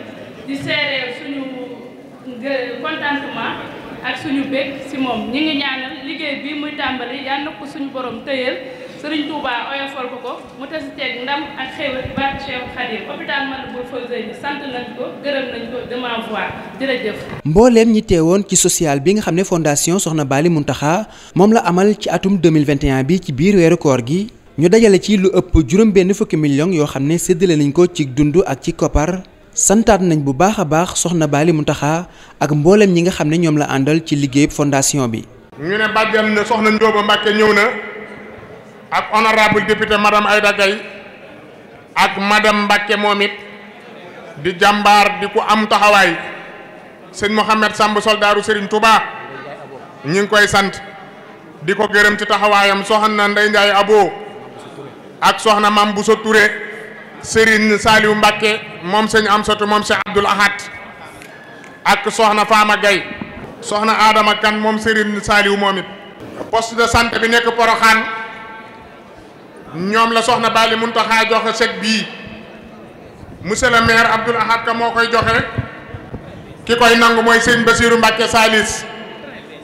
di seeree suñu contentement ak suñu bég si moom ñi ngi ñaanal liggéey bii muy tàmbali yàlla na ko suñu borom tëyal sëriñ Touba oyofal ko mu tasi ndam ak xéewal ci barke Cheikh Khadim hôpital Matlaboul Fawzeyni sant nañ ko gërëm nañ ko de ma voix jërëjëf. mbooleem ñi teewoon ci social bi nga xam ne fondation Soxna Baali Muntaxa moom la amal ci atum 2021 bi ci biir weeru koor gi ñu dajale ci lu ëpp juróom benn fukki million yoo xam ne séddale nañ ko ci dund ak ci koppar. santaat nañ bu baax a baax soxna Baali Muntaxa ak mboolem ñi nga xam ne ñoom la àndal ci liggéey fondation bi. ak honorable député madame Aïda Gaye ak madame Mbacke moom di jàmbaar di ku am taxawaay sëñ Mouhamed Samb soldaaru Serigne Touba ñu ngi koy sant di ko gërëm ci taxawaayam soxna Ndey Njaay Abo ak soxna Mam bu Touré Serigne Saliou Mbacke moom sëñ Amsatu moom sëñ Abdoul Ahad ak soxna Fama Gaye soxna Adama Kan moom Serigne Saliou moom it de santé bi nekk Porokhane ñoom la soxna Bally Mountakha joxe chèque bii monsieur le maire Abdoul Ahad Ka moo koy joxe ki koy nangu mooy Serigne Bassirou Mbacké Salis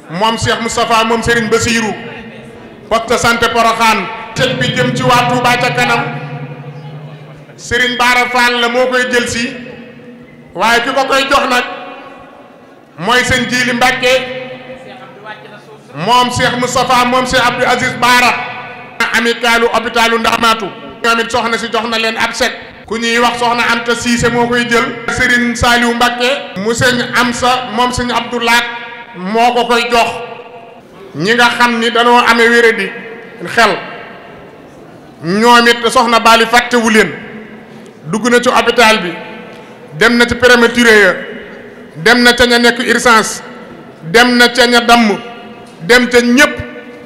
moom Cheikh Moustapha moom Serigne Bassirou poste jël si waaye ki ko moom Cheikh Moustapha moom Cheikh Abdou Aziz Bara amicaalu hôpitalu Ndaxamaatu ñoom it soxna si jox na leen ab set ku ñuy wax soxna Anta Cissé moo koy jël Serigne Saliou Mbacké mu sëñ Amsa moom sëñ Abdou Lahat moo ko koy jox ñi nga xam ni danoo amee wéradi xel ñoom it soxna Bali fàttewu leen dugg na ci hôpital bi dem na ci prématuré ya dem na ca ña nekk urgence dem ñëpp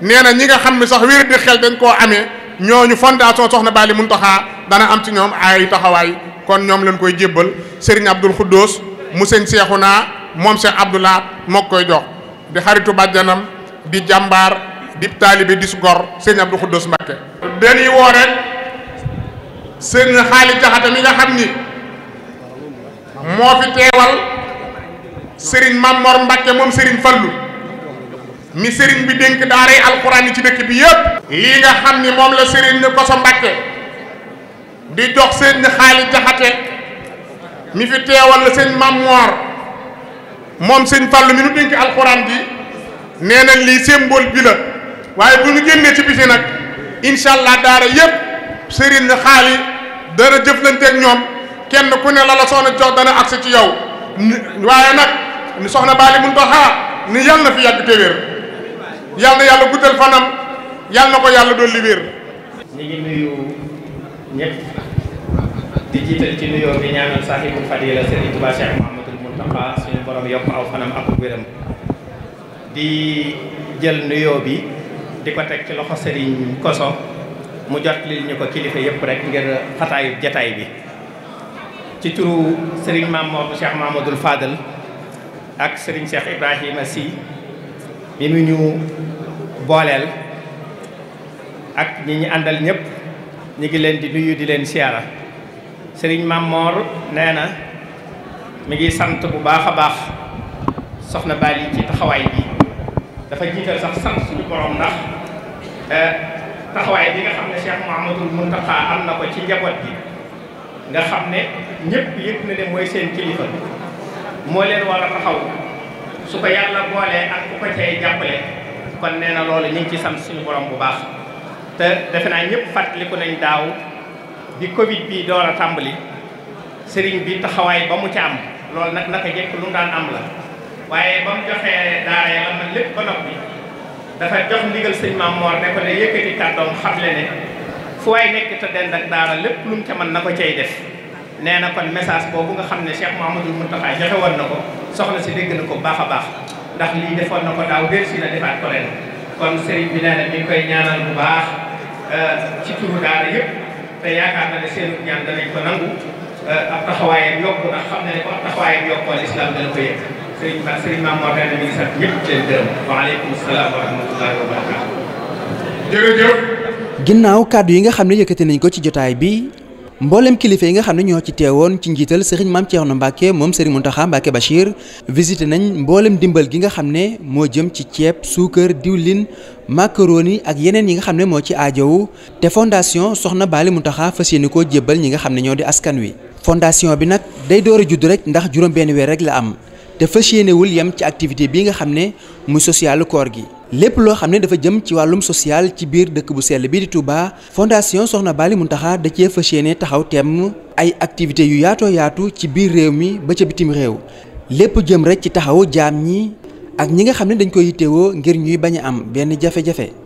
nee na ñi nga xam ne sax wér di xel dañ koo amee ñooñu fondation soxna Bally Mountakha dana am ci ñoom taxawaay kon ñoom lañu koy jébbal Serigne Abdoul Khoudous mu sëñ Seexuna moom Cheikh Abdoulaat moo koy jox di xaritu bàjjanam di jàmbaar di taalibe di su gor Serigne Abdoul Khoudous Mbacké dañuy woo rek sëñ Xaali Jaxate mi nga xam ni moo fi teewal Serigne Mamor Mbacké moom Serigne Fallou mi sëriñ bi dénk daaray alxuraan yi ci dëkk bi yépp lii nga xam ni moom la sëriñ ni Koso Mbàkke di jox sëriñ Xaalis Jaxate mi fi teewal la sëriñ Mamoor moom sëriñ Fàllu mi nu dénk alxuraan ji nee na seen symbole bi la waaye bu ñu génnee ci biti nag incha allah daara yépp sëriñ Xaalis dana jëflanteeg ñoom kenn ku ne la la soxna jox dana accès ci yow waaye nag ni soxna Bali mun doxaa ni yàlla na fi yàgg téwéer yal na yàlla guddal fanam yal na ko yàlla dolli wér. ñu ngi nuyu ñëpp di jiital ci nuyoo bi ñaanal saaxibul fadila Serigne Touba Cheikh Mouhamadul Mountakha suñu borom yokk aw fanam ak wéram di jël nuyoo bi di ko teg ci loxo Serigne Koso mu jot lil ñu ko kilifa yëpp rek ngir xataayu jataay bi ci turu Serigne Mamour Cheikh Mouhamadul Fadal ak Serigne Cheikh Ibrahima Sy. bi mu ñu booleel ak ñi ñu àndal ñépp ñu ngi leen di nuyu di leen siyaara sëriñ Mamor nee na mu ngi sant bu baax a baax soxna Bali ci taxawaay bi dafa jiital sax sant suñu borom ndax eh, taxawaay bi nga xam ne Cheikh Mouhamadul Mountakha am na ko ci njaboot bi nga xam ne ñëpp yëpp na ne mooy seen kilifa moo leen war a su ko yàlla boolee ak ku ko cay jàppale kon nee na loolu ñu ngi ci sant suñu borom bu baax te defe naa ñëpp fàttaliku nañ daaw bi Covid bi door a tàmbali sëriñ bi taxawaay ba mu ca am loolu nag naka jekk lu mu daan am la waaye ba mu joxee daara yàlla man lépp ba noppi dafa jox ndigal sëñ Maam Moor ne ko ne yëkkati kàddoom xamle ne fu waay nekk te dend ak daara lépp lu mu ca mën na ko cay def nee na kon message boobu nga xam ne Cheikh Mouhamadul Mountakha joxe woon na ko soxna si dégg na ko baax a baax ndax lii defoon na ko daaw dér defaat ko leen kon sëriñ bi nee na koy ñaanal bu baax euh, ci turu daara yëpp te yaakaar na ne seen ñaan danañ ko nangu euh, ab taxawaayam yokku ndax xam na ne ko ab taxawaayam yokkoo lislaam dana ko yëg sëriñ ba sëriñ Maam Mor mi ngi sant ñëpp di leen wa rahmatullahi wa barakatu jërëjëf ginnaaw kàddu yi nga xam ne yëkkati nañ ko ci jotaay bi mboolem kilifa yi nga xam ne ñoo ci teewoon ci njiital sëriñ maam Thierno Mbacke moom sëriñ Mountakha Mbacke Bachir visité nañ mboolem dimbal gi nga xam ne moo jëm ci ceeb suukar diwlin macaroni ak yeneen yi nga xam ne moo ci aajowu te fondation Soxna Baali Mountakha fas yéene koo jébbal ñi nga xam ne ñoo di askan wi. fondation bi nag day door a judd rek ndax juróom benn weer rek la am te fas yéenewul yem ci activité bi nga xam ne muy social koor gi. lépp loo xam ne dafa jëm ci wàllum social ci biir dëkk bu sell bii di Touba fondation Soxna Baali Muntaxa da cee fas yéene taxaw temm ay activités yu yaatoo yaatu ci biir réew mi ba ca bitim réew lépp jëm rek ci taxaw jaam ñi ak ñi nga xam ne dañ koy yittewoo ngir ñuy bañ a am benn jafe-jafe.